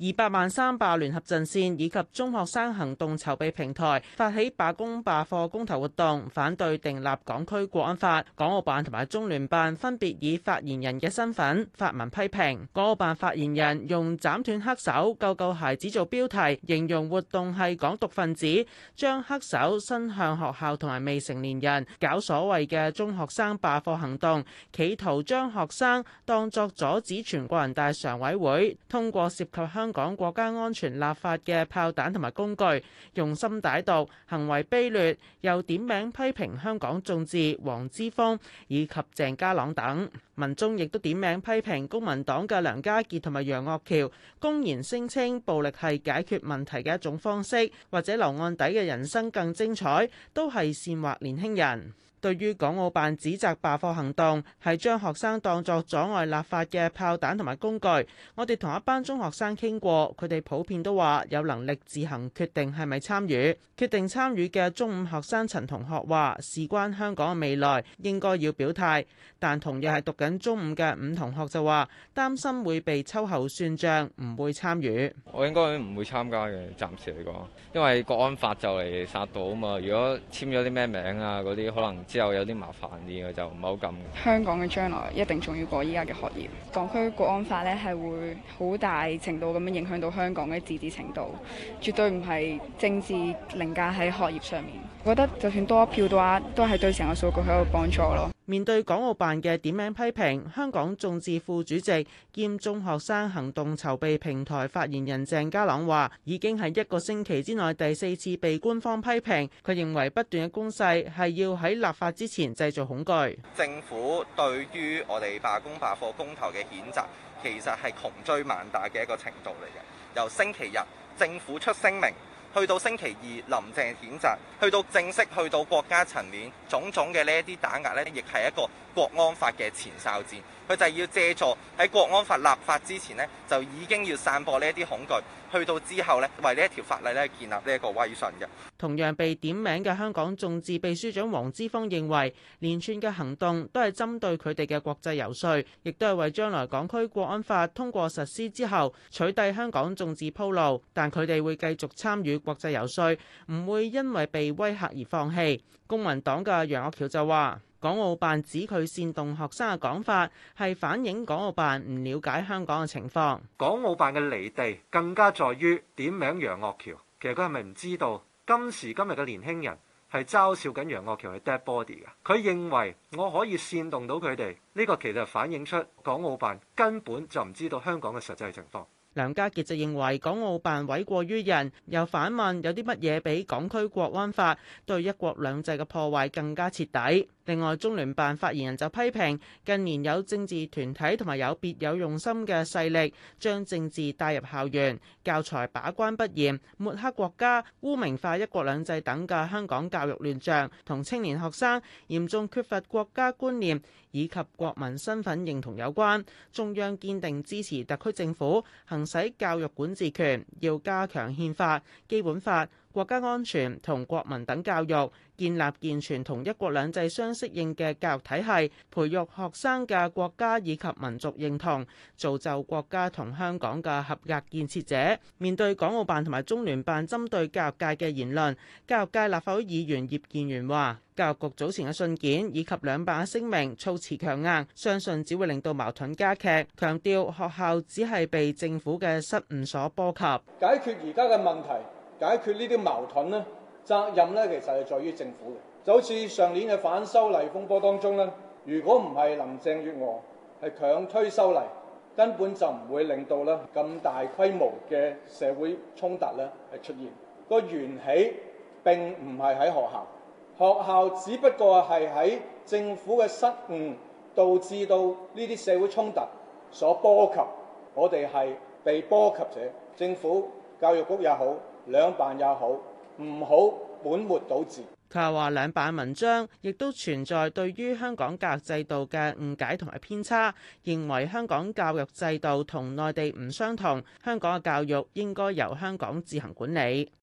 二百萬三罷聯合陣線以及中學生行動籌備平台發起罷工罷課公投活動，反對訂立港區國安法。港澳辦同埋中聯辦分別以發言人嘅身份發文批評。港澳辦發言人用斬斷黑手救救孩子做標題，形容活動係港獨分子將黑手伸向學校同埋未成年人，搞所謂嘅中學生罷課行動，企圖將學生當作阻止全國人大常委會通過涉及香香港國家安全立法嘅炮彈同埋工具，用心歹毒，行為卑劣，又點名批評香港眾志黃之鋒以及鄭家朗等民眾，亦都點名批評公民黨嘅梁家傑同埋楊岳橋，公然聲稱暴力係解決問題嘅一種方式，或者留案底嘅人生更精彩，都係煽惑年輕人。對於港澳辦指責罷課行動係將學生當作阻礙立法嘅炮彈同埋工具，我哋同一班中學生傾過，佢哋普遍都話有能力自行決定係咪參與。決定參與嘅中五學生陳同學話：事關香港嘅未來，應該要表態。但同樣係讀緊中五嘅伍同學就話：擔心會被秋後算賬，唔會參與。我應該唔會參加嘅，暫時嚟講，因為國安法就嚟殺到啊嘛。如果簽咗啲咩名啊嗰啲，可能。之後有啲麻煩啲，就唔好咁。香港嘅將來一定仲要過依家嘅學業。港區國安法咧係會好大程度咁樣影響到香港嘅自治程度，絕對唔係政治凌駕喺學業上面。我覺得就算多一票嘅話，都係對成個數據好有幫助咯。面對港澳辦嘅點名批評，香港眾志副主席兼中學生行動籌備平台發言人鄭家朗話，已經係一個星期之內第四次被官方批評。佢認為不斷嘅攻勢係要喺立法之前製造恐懼。政府對於我哋罷工罷課公投嘅譴責，其實係窮追猛打嘅一個程度嚟嘅。由星期日，政府出聲明。去到星期二林鄭譴責，去到正式去到國家層面，種種嘅呢一啲打壓呢，亦係一個國安法嘅前哨戰。佢就係要借助喺國安法立法之前呢，就已經要散播呢一啲恐懼，去到之後呢，為呢一條法例呢，建立呢一個威信嘅。同樣被點名嘅香港眾志秘書長黃之鋒認為，連串嘅行動都係針對佢哋嘅國際遊說，亦都係為將來港區國安法通過實施之後取締香港眾志鋪路。但佢哋會繼續參與。國際遊說唔會因為被威嚇而放棄。公民黨嘅楊岳橋就話，港澳辦指佢煽動學生嘅講法係反映港澳辦唔了解香港嘅情況。港澳辦嘅離地更加在於點名楊岳橋。其實佢係咪唔知道今時今日嘅年輕人係嘲笑緊楊岳橋係 dead body 嘅？佢認為我可以煽動到佢哋，呢個其實反映出港澳辦根本就唔知道香港嘅實際情況。梁家傑就認為港澳辦諉過於人，又反問有啲乜嘢比港區國安法對一國兩制嘅破壞更加徹底。另外，中聯辦發言人就批評近年有政治團體同埋有別有用心嘅勢力將政治帶入校園，教材把關不嚴，抹黑國家、污名化一國兩制等嘅香港教育亂象，同青年學生嚴重缺乏國家觀念以及國民身份認同有關。中央堅定支持特區政府行使教育管治權，要加強憲法、基本法、國家安全同國民等教育，建立健全同一國兩制相適應嘅教育體系，培育學生嘅國家以及民族認同，造就國家同香港嘅合格建設者。面對港澳辦同埋中聯辦針對教育界嘅言論，教育界立法會議員葉建源話，教育局早前嘅信件以及兩辦嘅聲明措辭強硬，相信只會令到矛盾加劇。強調學校只係被政府嘅失誤所波及，解決而家嘅問題。解決呢啲矛盾呢，責任呢，其實係在於政府嘅。就好似上年嘅反修例風波當中呢，如果唔係林鄭月娥係強推修例，根本就唔會令到呢咁大規模嘅社會衝突呢係出現。個源起並唔係喺學校，學校只不過係喺政府嘅失誤導致到呢啲社會衝突所波及。我哋係被波及者，政府教育局也好。兩辦也好，唔好本末倒置。佢又話兩辦文章亦都存在對於香港教育制度嘅誤解同埋偏差，認為香港教育制度同內地唔相同，香港嘅教育應該由香港自行管理。